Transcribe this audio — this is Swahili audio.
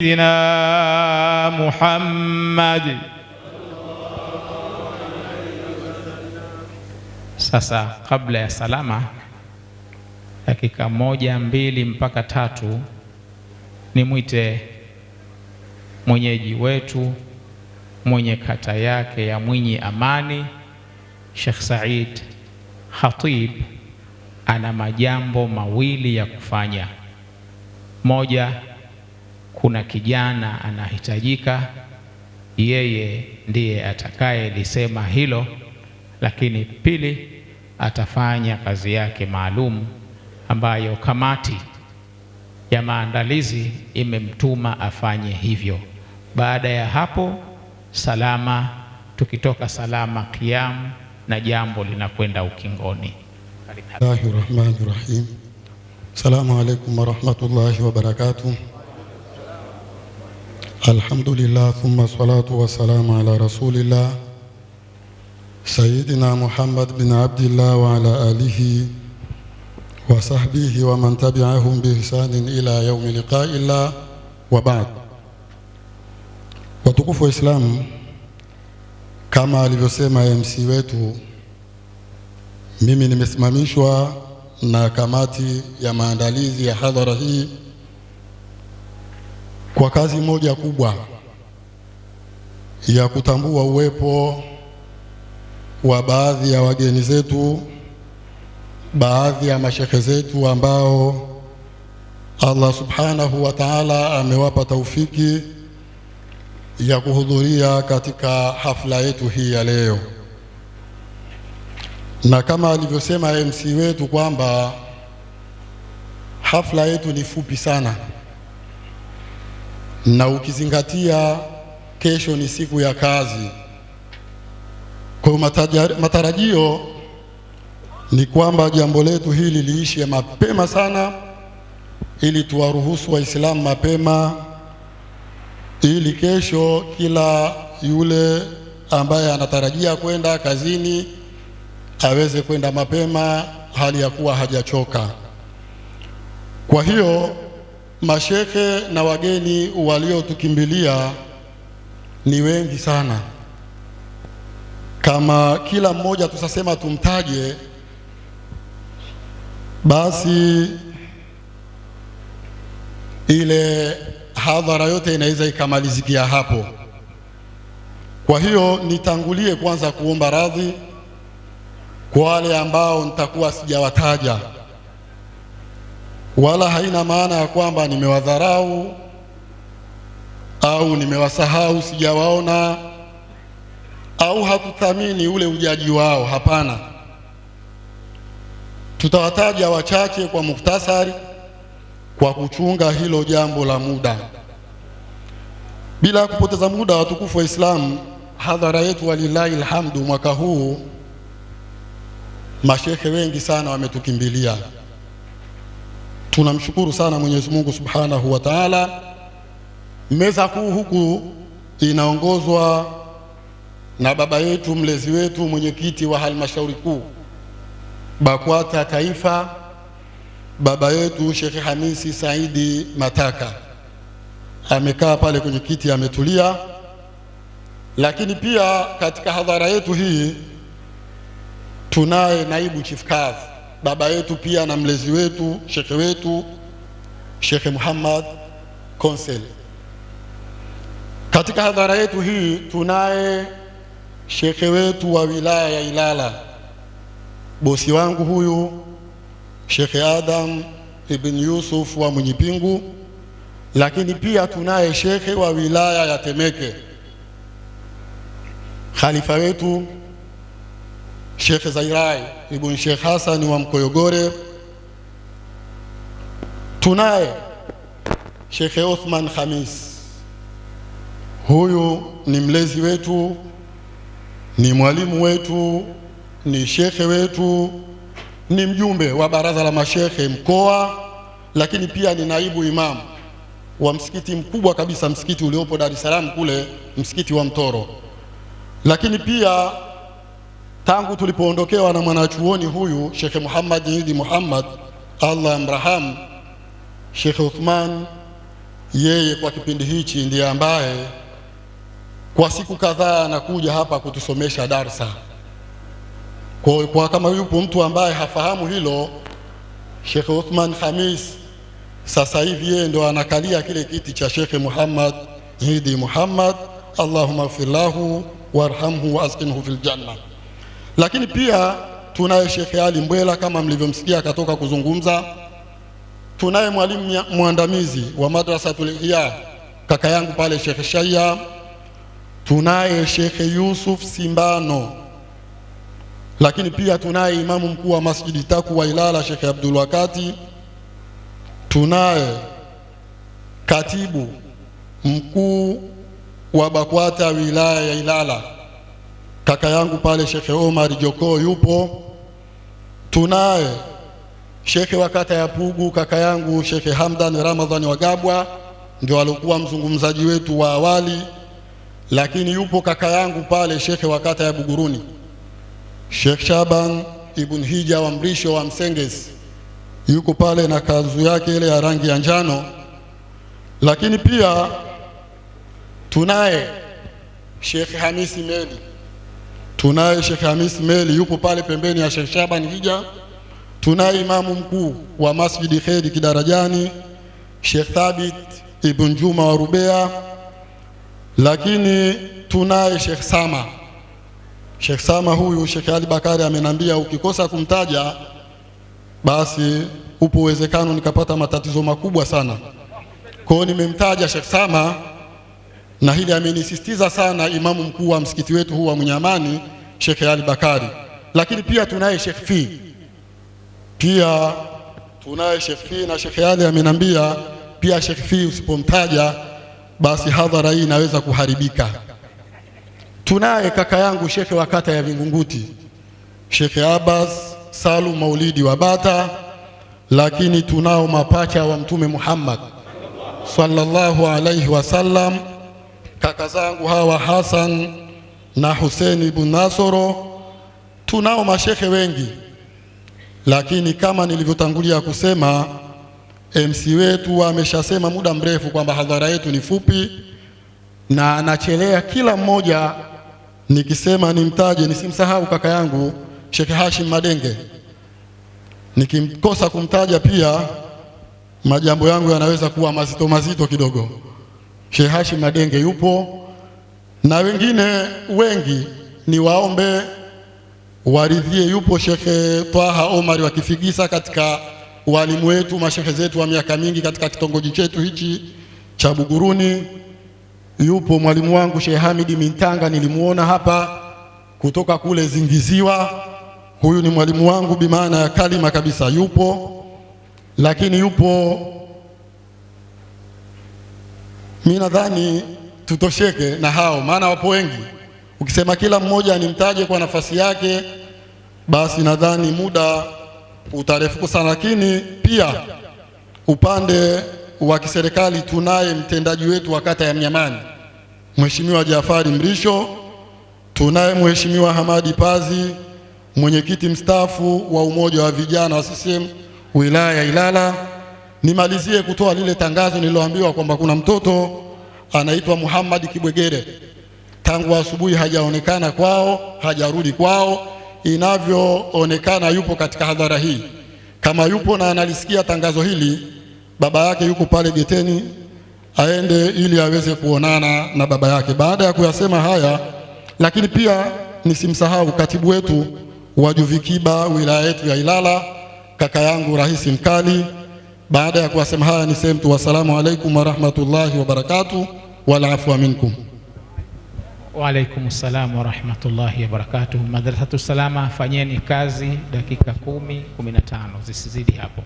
Sayyidina Muhammad. Sasa kabla ya salama, dakika moja mbili mpaka tatu, nimwite mwenyeji wetu mwenye kata yake ya Mwinyi Amani, Sheikh Said Khatib ana majambo mawili ya kufanya. Moja kuna kijana anahitajika, yeye ndiye atakayelisema hilo, lakini pili atafanya kazi yake maalum ambayo kamati ya maandalizi imemtuma afanye hivyo. Baada ya hapo salama, tukitoka salama kiamu na jambo linakwenda ukingoni. Bismillahirrahmanirrahim. wa rahmatullahi wa wabarakatuh. Alhamdulillah thumma salatu wassalamu ala rasulillah Sayyidina Muhammad bin Abdillah wa ala alihi wa sahbihi wa man tabi'ahum bi ihsanin ila yaumi liqaillah wa ba'd. Watukufu wa kama alivyosema MC wetu, mimi nimesimamishwa na kamati ya maandalizi ya hadhara hii kwa kazi moja kubwa ya kutambua uwepo wa baadhi ya wageni zetu, baadhi ya mashehe zetu ambao Allah subhanahu wa ta'ala amewapa taufiki ya kuhudhuria katika hafla yetu hii ya leo, na kama alivyosema MC wetu kwamba hafla yetu ni fupi sana na ukizingatia kesho ni siku ya kazi, kwa hiyo matarajio ni kwamba jambo letu hili liishe mapema sana, ili tuwaruhusu Waislamu mapema, ili kesho kila yule ambaye anatarajia kwenda kazini aweze kwenda mapema, hali ya kuwa hajachoka. Kwa hiyo Mashehe na wageni waliotukimbilia ni wengi sana. Kama kila mmoja tusasema tumtaje, basi ile hadhara yote inaweza ikamalizikia hapo. Kwa hiyo nitangulie kwanza kuomba radhi kwa wale ambao nitakuwa sijawataja wala haina maana ya kwamba nimewadharau au nimewasahau, sijawaona au hakuthamini ule ujaji wao. Hapana, tutawataja wachache kwa muktasari, kwa kuchunga hilo jambo la muda. Bila kupoteza muda, watukufu wa Islamu, hadhara yetu walilahi alhamdu, mwaka huu mashehe wengi sana wametukimbilia Tunamshukuru sana Mwenyezi Mungu Subhanahu wa Ta'ala. Meza kuu huku inaongozwa na baba yetu mlezi wetu mwenyekiti wa halmashauri kuu BAKWATA Taifa, baba yetu Sheikh Hamisi Saidi Mataka amekaa pale kwenye kiti ametulia. Lakini pia katika hadhara yetu hii tunaye naibu chief kazi baba yetu pia na mlezi wetu shekhe wetu Shekhe Muhammad Konsel. Katika hadhara yetu hii tunaye shekhe wetu wa wilaya ya Ilala, bosi wangu huyu Shekhe Adam ibn Yusuf wa Mwenyipingu, lakini pia tunaye shekhe wa wilaya ya Temeke, khalifa wetu Sheikh Zairai Ibn Sheikh Hassan wa Mkoyogore, tunaye Sheikh Othman Khamis. Huyu ni mlezi wetu, ni mwalimu wetu, ni shekhe wetu, ni mjumbe wa baraza la mashekhe mkoa, lakini pia ni naibu imamu wa msikiti mkubwa kabisa, msikiti uliopo Dar es Salaam kule, msikiti wa Mtoro, lakini pia tangu tulipoondokewa na mwanachuoni huyu Shekhe Muhammad Idi Muhammad Allah amrahamu, Shekhe Uthman yeye kwa kipindi hichi ndiye ambaye kwa siku kadhaa anakuja hapa kutusomesha darsa. Kwa, kwa kama yupo mtu ambaye hafahamu hilo, Shekhe Uthman Khamis sasa hivi yeye ndo anakalia kile kiti cha Shekhe Muhammad Idi Muhammad, Allahumma ighfir lahu warhamhu askinhu fil janna. Lakini pia tunaye Sheikh Ali Mbwela kama mlivyomsikia akatoka kuzungumza. Tunaye mwalimu mwandamizi wa madrasa Ihya kaka yangu pale Sheikh Shaya. Tunaye Sheikh Yusuf Simbano, lakini pia tunaye imamu mkuu wa Masjidi wa Ilala Sheikh Abdul Wakati. Tunaye katibu mkuu wa BAKWATA wilaya ya Ilala kaka yangu pale Shekhe Omar Jokoo yupo, tunaye shekhe wa kata ya Pugu kaka yangu Shekhe Hamdan Ramadhani Wagabwa, ndio alikuwa mzungumzaji wetu wa awali, lakini yupo kaka yangu pale shekhe wa kata ya Buguruni Sheikh Shaban Ibn Hija wa Mrisho wa msenges yuko pale na kanzu yake ile ya rangi ya njano, lakini pia tunaye Sheikh Hamisi Meli tunaye Sheikh Hamis Meli yupo pale pembeni ya Sheikh Shaban Hija, tunaye imamu mkuu wa Masjidi Kheri Kidarajani Sheikh Thabit Ibn Juma wa Rubea, lakini tunaye Sheikh Sama. Sheikh Sama huyu Sheikh Ali Bakari amenambia ukikosa kumtaja basi upo uwezekano nikapata matatizo makubwa sana. Kwa hiyo nimemtaja Sheikh Sama na hili amenisisitiza sana imamu mkuu wa msikiti wetu huu wa Mwenye Amani Sheikh Ali Bakari, lakini pia tunaye Sheikh Fi, pia tunaye Sheikh Fi na Sheikh Ali amenambia pia Sheikh Fi usipomtaja basi hadhara hii inaweza kuharibika. Tunaye kaka yangu Sheikh wa kata ya Vingunguti Sheikh Abbas Salum Maulidi wa Bata, lakini tunao mapacha wa Mtume Muhammad sallallahu alaihi wasallam kaka zangu hawa Hassan na Hussein ibn Nasoro. Tunao mashehe wengi, lakini kama nilivyotangulia kusema, MC wetu ameshasema muda mrefu kwamba hadhara yetu ni fupi na anachelea kila mmoja. Nikisema nimtaje nisimsahau kaka yangu Sheikh Hashim Madenge, nikimkosa kumtaja pia majambo yangu yanaweza kuwa mazito mazito kidogo. Sheikh Hashim Nadenge yupo na wengine wengi, ni waombe waridhie. Yupo Shekhe Twaha Omari wa Kifigisa, katika walimu wetu mashehe zetu wa miaka mingi katika kitongoji chetu hichi cha Buguruni. Yupo mwalimu wangu Sheikh Hamidi Mintanga, nilimuona hapa kutoka kule Zingiziwa. Huyu ni mwalimu wangu bimaana ya kalima kabisa, yupo lakini yupo Mi nadhani tutosheke na hao, maana wapo wengi. Ukisema kila mmoja nimtaje kwa nafasi yake, basi nadhani muda utarefuku sana. Lakini pia upande wa kiserikali tunaye mtendaji wetu wa kata ya Mnyamani, Mheshimiwa Jafari Mrisho, tunaye Mheshimiwa Hamadi Pazi, mwenyekiti mstaafu wa umoja wa vijana wa CCM wilaya ya Ilala Nimalizie kutoa lile tangazo nililoambiwa kwamba kuna mtoto anaitwa Muhammad Kibwegere, tangu asubuhi hajaonekana kwao, hajarudi kwao. Inavyoonekana yupo katika hadhara hii. Kama yupo na analisikia tangazo hili, baba yake yuko pale geteni, aende ili aweze kuonana na baba yake. Baada ya kuyasema haya, lakini pia nisimsahau katibu wetu wa Juvikiba wilaya yetu ya Ilala, kaka yangu Rahisi Mkali baada ya kuwasema haya, sehemu tu wassalamu alaikum warahmatullahi wabarakatuh wal afwa minkum. Wa alaikum salam warahmatullahi wabarakatuh. Madrasatu Salama, fanyeni kazi dakika kumi, kumi na tano zisizidi hapo.